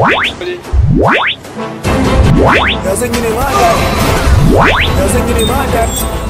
Doesn't Eu sei que ele manda. Eu sei que ele manda.